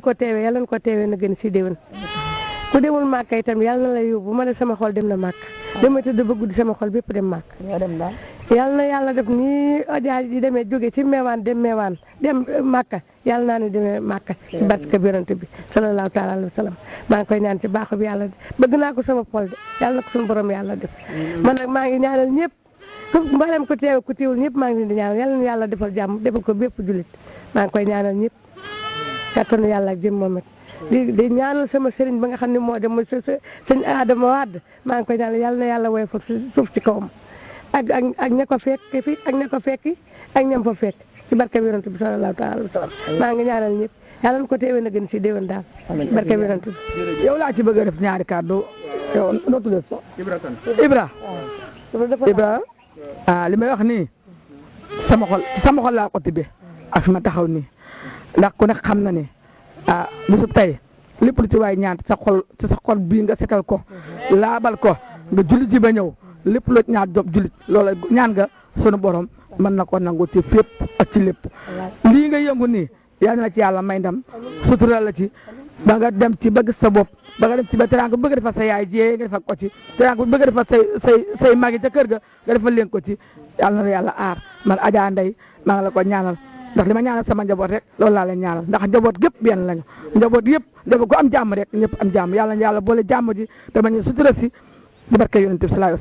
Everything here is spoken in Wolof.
di ko teewee yàlla na ko teewee na gën si déwén ku demul màkk itam yàlla na la yóbbu ma sama xol dem na màkk dama tëdd ba guddi sama xol bépp dem màkk yàlla na yàlla def nii ajaaj di demee jóge ci meewaan dem meewaan dem màkka yàlla naa ne demee màkka ci barke birante bi sallallahu taala alayhi wa sallam maa ngi koy ñaan ci bi yàlla bëgg sama xol de yàlla na ko suñu borom yàlla def man nag maa ngi ñaanal ñëpp ku mbalam ko teew ku teewul ñëpp maa ngi leen di ñaanal yàlla na yàlla defal jàmm defal ko bépp jullit maa ngi koy ñaanal ñëpp kattanu yàlla ak jëmmam ak di di ñaanal sama sëriñ ba nga xam ne moo dem sëñ Adama Wade maa ngi koy ñaanal yàlla na yàlla woy fa suuf ci kawam ak ak ak ña ko fekk fi ak ña ko fekki ak ñam fa fekk ci barke bi yonent bi sallallahu taala wa maa ngi ñaanal ñëpp yàlla na ko teewee na gën si déwén daal barke bi yonent bi yow laa ci bëgg a def ñaari kàddu yow noo tudd Ibra Ibra Ibra ah li may wax nii sama xol sama xol laa ko a ak ma taxaw nii ndax ku nekk xam na ne ah bisub tey lépp lu ci waay ñaan sa xol ci sa xol bii nga setal ko laabal ko nga jullit ji ba ñëw lépp lu ñaar job jullit loola ñaan nga sunu borom mën na ko nangu ci fépp ak ci lépp lii nga yëngu nii yal na ci yàlla may ndam sutural la ci ba nga dem ci gis sa bopp ba nga dem ci ba teranga bëgg defal sa yaay jiyee nga defal ko ci teranga bëgg defal say say say magi ca kër ga nga defal leen ko ci yàlla na yàlla aar man ajaa ndey maa ngi la ko ñaanal ndax li ma ñaanal sama njaboot rek loolu laa leen na ndax njaboot gépp benn lañu njaboot yëpp dafa ko am jàmm rek ñëpp am jàmm yàlla yàlla boole jàmm ji dama ñu sutura si di barke yonent bi sallallahu